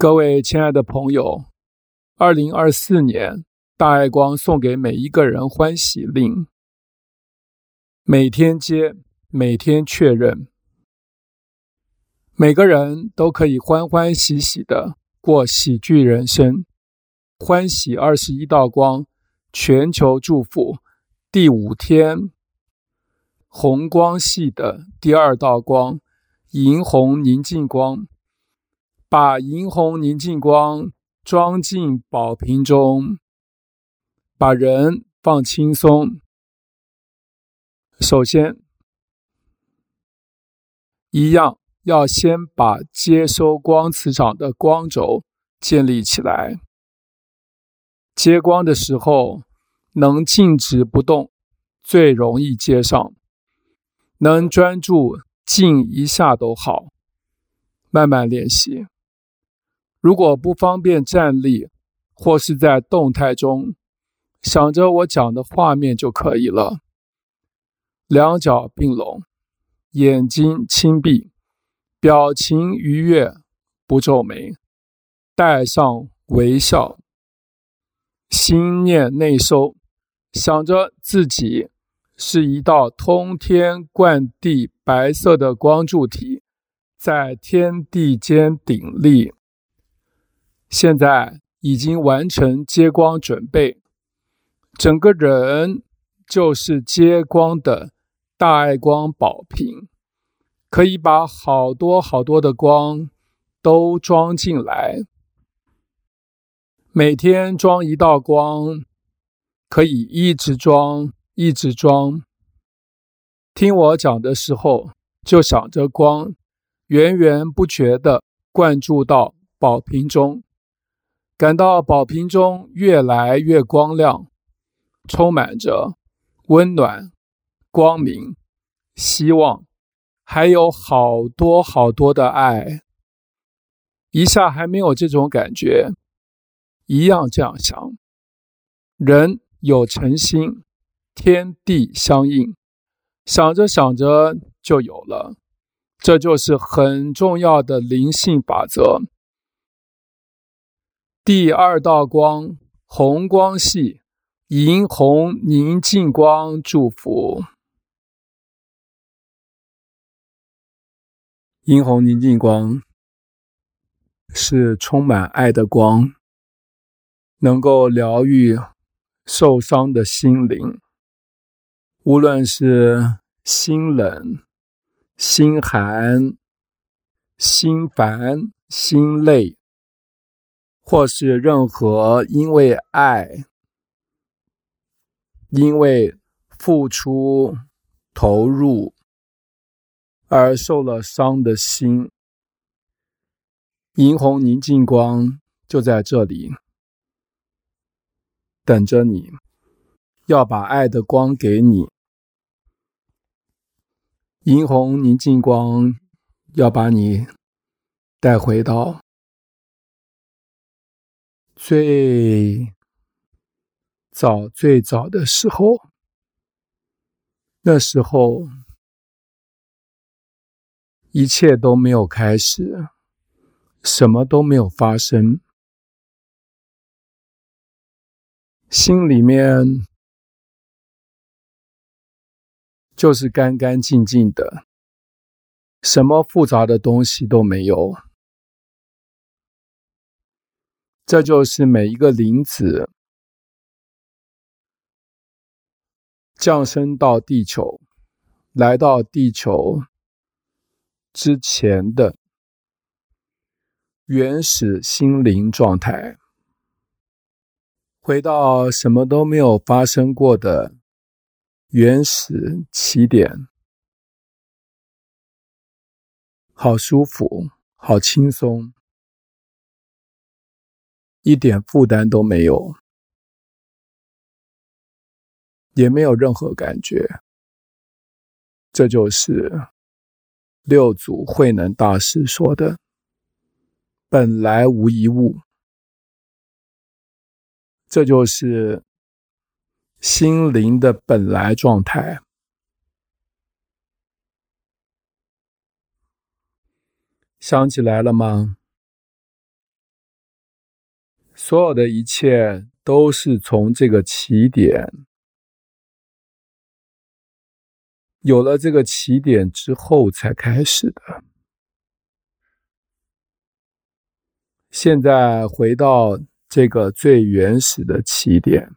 各位親愛的朋友，二零二四年大愛光送給每一個人歡喜令，每天接，每天確認，每個人都可以歡歡喜喜的過喜劇人生，歡喜二十一道光，全球祝福第五天，紅光系的第二道光，銀紅寧靜光。把銀紅寧靜光裝進寶瓶中，把人放輕鬆。首先，一樣要先把接收光磁場的光軸建立起來。接光的時候，能靜止不動，最容易接上，能專注靜一下都好，慢慢練習。如果不方便站立，或是在動態中，想着我講的畫面就可以了。兩腳併攏，眼睛輕閉，表情愉悅，不皺眉，帶上微笑，心念內收，想着自己是一道通天貫地白色的光柱體，在天地間頂立。現在已經完成接光準備，整個人就是接光的大愛光寶瓶，可以把好多好多的光都裝進來。每天裝一道光，可以一直裝，一直裝。聽我講的時候，就想着光源源不絕地灌注到寶瓶中。感到寶瓶中越來越光亮，充滿着溫暖、光明、希望，還有好多好多的愛。一下還沒有這種感覺，一樣這樣想，人有誠心，天地相應，想着想着就有了，這就是很重要的靈性法則。第二道光，紅光系，銀紅寧靜光祝福。銀紅寧靜光，是充滿愛的光，能夠療癒受傷的心靈，無論是心冷、心寒、心煩、心累。或是任何因為愛、因為付出、投入而受了傷的心，銀紅寧靜光就在這裡等着你，要把愛的光給你，銀紅寧靜光要把你帶回到，最早最早的時候，那時候一切都沒有開始，什麼都沒有發生。心裡面就是乾乾淨淨的，什麼複雜的東西都沒有。這就是每一個靈子降生到地球，來到地球之前的原始心靈狀態，回到什麼都沒有發生過的原始起點，好舒服，好輕鬆。一點負擔都沒有，也沒有任何感覺。這就是六祖慧能大師說的“本來無一物”，這就是心靈的本來狀態。想起來了嗎？所有的一切都是從這個起點，有了這個起點之後才開始的。現在回到這個最原始的起點，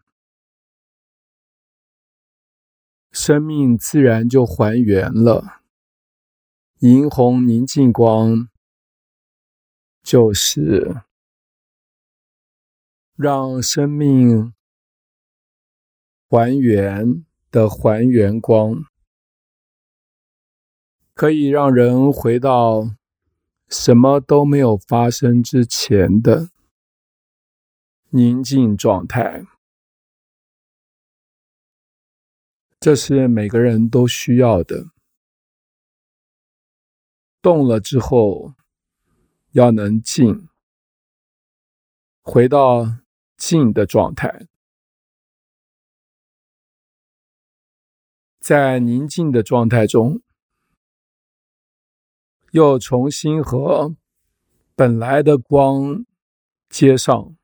生命自然就還原了。銀紅寧靜光，就是。讓生命還原的還原光，可以讓人回到什麼都沒有發生之前的寧靜狀態。這是每個人都需要的。動了之後，要能靜。回到。靜的狀態，在寧靜的狀態中，又重新和本來的光接上。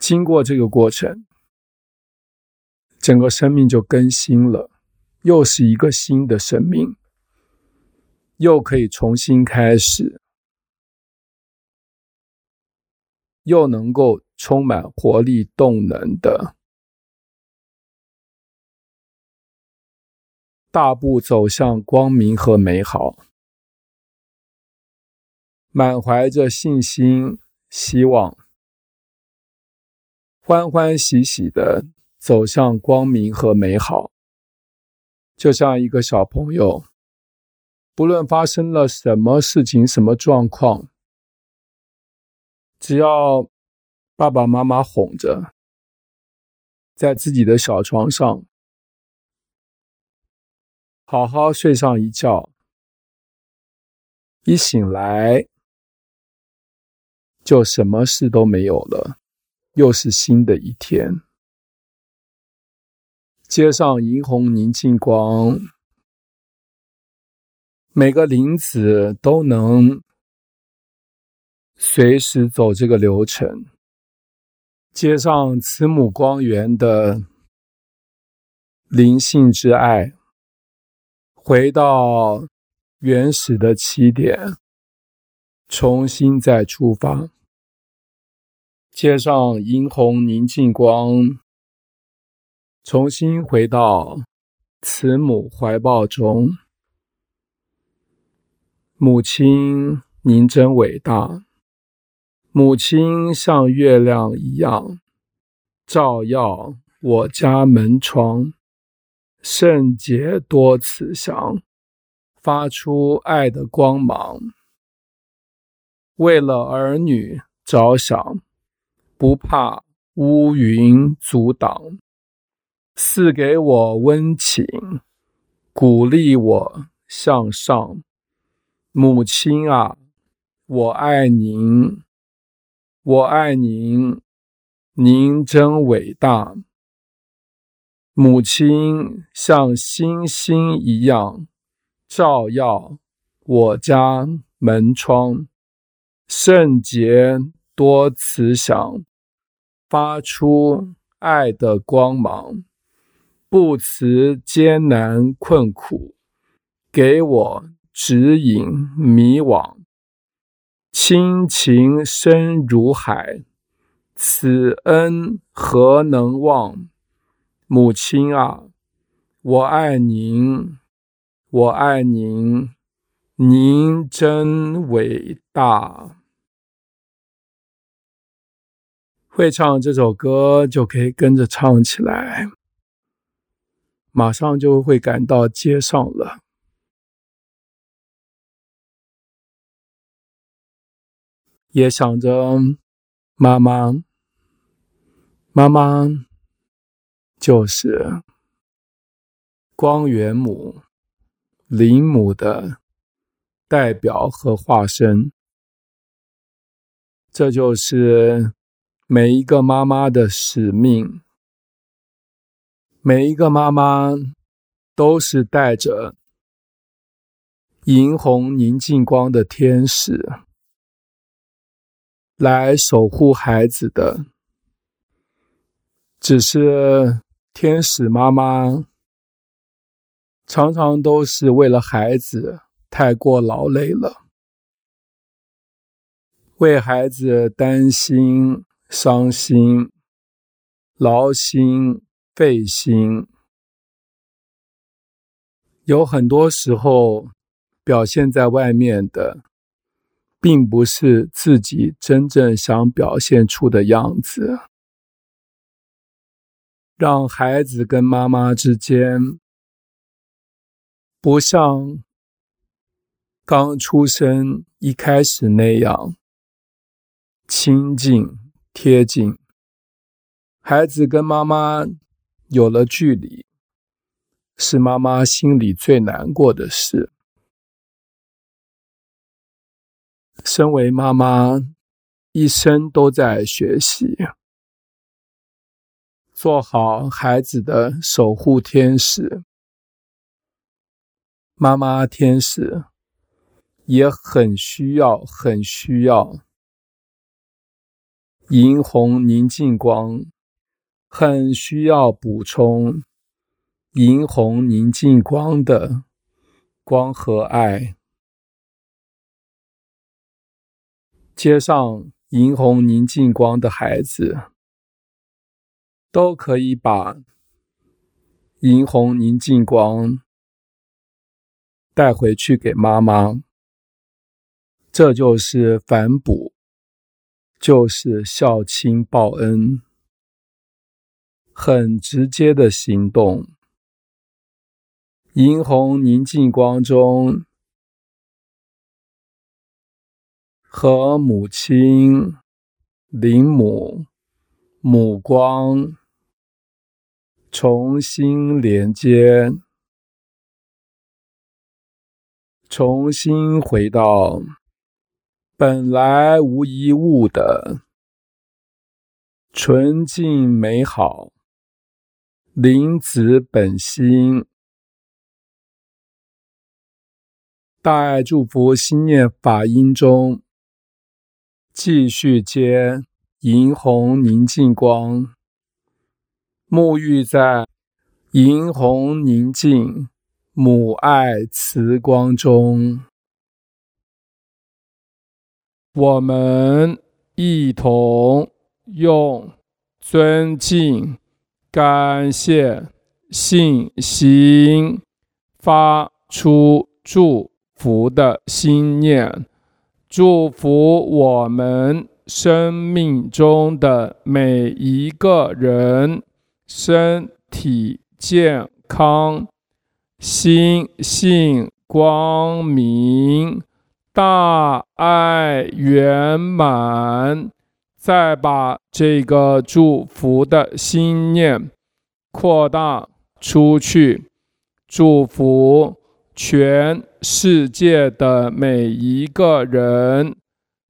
經過這個過程，整個生命就更新了，又是一個新的生命，又可以重新開始。又能夠充滿活力、動能的大步走向光明和美好，滿懷着信心、希望，歡歡喜喜的走向光明和美好，就像一個小朋友，不論發生了什麼事情、什麼狀況。只要爸爸媽媽哄着，在自己的小床上好好睡上一覺，一醒來就什麼事都沒有了，又是新的一天。接上銀紅寧靜光，每個粒子都能。隨時走這個流程，接上慈母光源的靈性之愛，回到原始的起點，重新再出發。接上銀紅寧靜光，重新回到慈母懷抱中。母親，您真偉大。母親像月亮一樣，照耀我家門窗，聖潔多慈祥，發出愛的光芒。為了兒女着想，不怕烏雲阻擋，賜給我溫情，鼓勵我向上。母親啊，我愛您。我愛您，您真偉大，母親像星星一樣，照耀我家門窗，聖潔多慈祥，發出愛的光芒,不辭艱難困苦，給我指引迷惘。親情深如海，此恩何能忘？母親啊，我愛您，我愛您，您真偉大！會唱這首歌就可以跟着唱起來，馬上就會趕到街上了。也想着媽媽，媽媽就是光源母、靈母的代表和化身。這就是每一個媽媽的使命。每一個媽媽都是帶着銀紅寧靜光的天使。來守護孩子的，只是天使媽媽，常常都是為了孩子太過勞累了，為孩子擔心、傷心、勞心、費心，有很多時候表現在外面的。並不是自己真正想表現出的樣子，讓孩子跟媽媽之間不像剛出生一開始那樣親近貼近。孩子跟媽媽有了距離，是媽媽心裡最難過的事。身為媽媽，一生都在學習做好孩子的守護天使。媽媽天使也很需要，很需要銀紅寧靜光，很需要補充銀紅寧靜光的光和愛。接上銀紅寧靜光的孩子，都可以把銀紅寧靜光帶回去給媽媽。這就是反哺，就是孝親報恩，很直接的行動。銀紅寧靜光中。和母親靈母母光重新連接，重新回到本來無一物的純淨美好靈子本心。大愛祝福，心念法音中。繼續接銀紅寧靜光，沐浴在銀紅寧靜母愛慈光中，我們一同用尊敬、感謝、信心，發出祝福的心念。祝福我們生命中的每一個人，身體健康，心性光明，大愛圓滿。再把這個祝福的心念擴大出去，祝福。全世界的每一個人，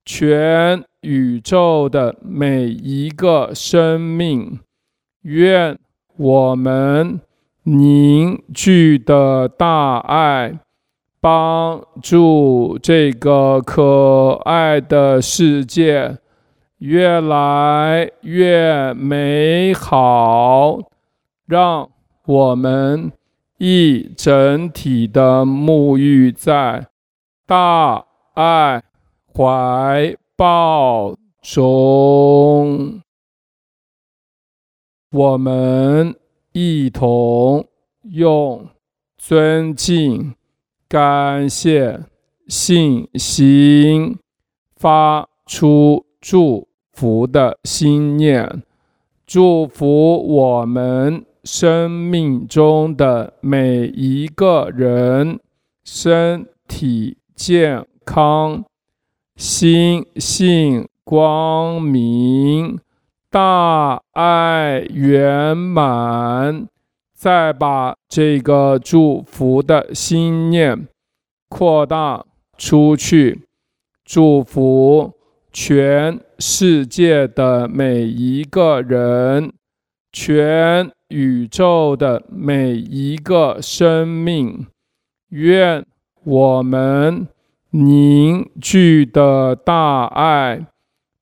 全宇宙的每一個生命，願我們凝聚的大愛，幫助這個可愛的世界越來越美好，讓我們。一整體的沐浴在大愛懷抱中，我們一同用尊敬、感謝、信心，發出祝福的心念，祝福我們。生命中的每一個人身體健康，心性光明，大愛圓滿。再把這個祝福的心念擴大出去，祝福全世界的每一個人，全宇宙的每一個生命，願我們凝聚的大愛，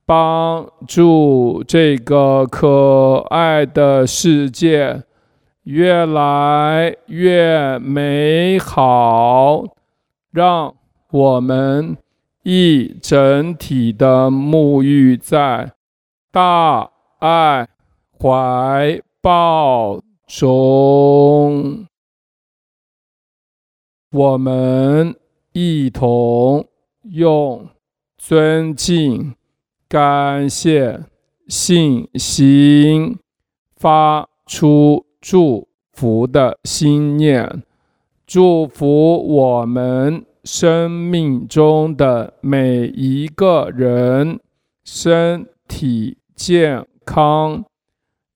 幫助這個可愛的世界越來越美好，讓我們一整體的沐浴在大愛懷抱，報中，我們一同用尊敬、感謝、信心，發出祝福的心念，祝福我們生命中的每一個人身體健康，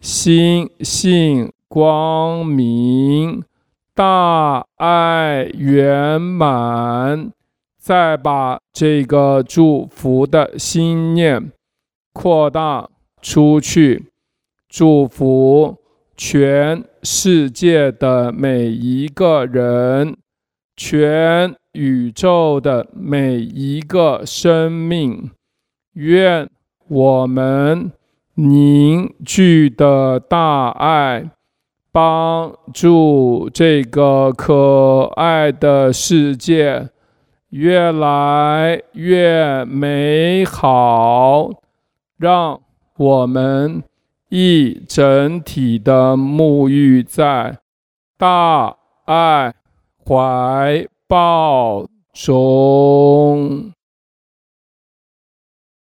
心性光明，大愛圓滿。再把這個祝福的心念擴大出去，祝福全世界的每一個人，全宇宙的每一個生命。願我們。凝聚的大愛，幫助這個可愛的世界越來越美好，讓我們一整體的沐浴在大愛懷抱中。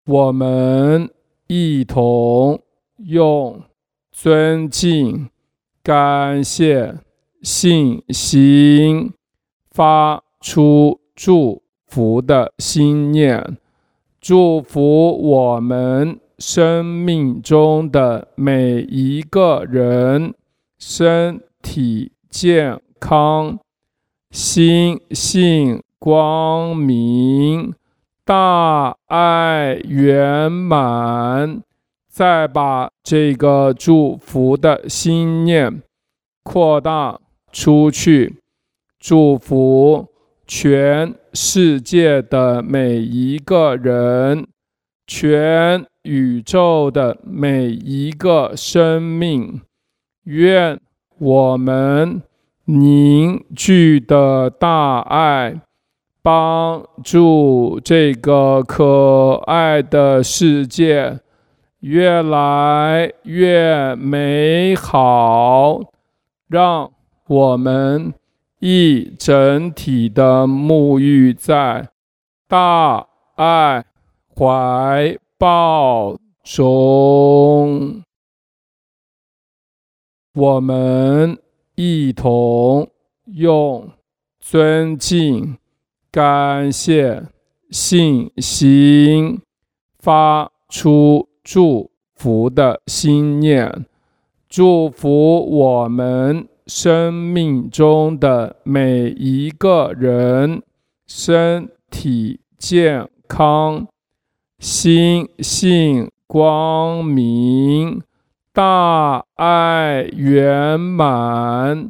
我們。一同用尊敬、感謝、信心發出祝福的心念，祝福我們生命中的每一個人身體健康，心性光明。大愛圓滿，再把這個祝福的心念擴大出去，祝福全世界的每一個人，全宇宙的每一個生命。願我們凝聚的大愛。幫助這個可愛的世界越來越美好，讓我們一整體的沐浴在大愛懷抱中，我們一同用尊敬、感謝信心發出祝福的心念，祝福我們生命中的每一個人，身體健康，心性光明，大愛圓滿。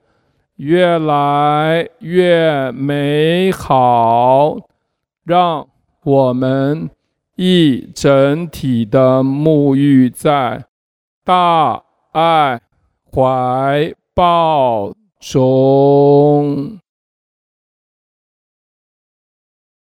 越來越美好，讓我們一整體的沐浴在大愛懷抱中。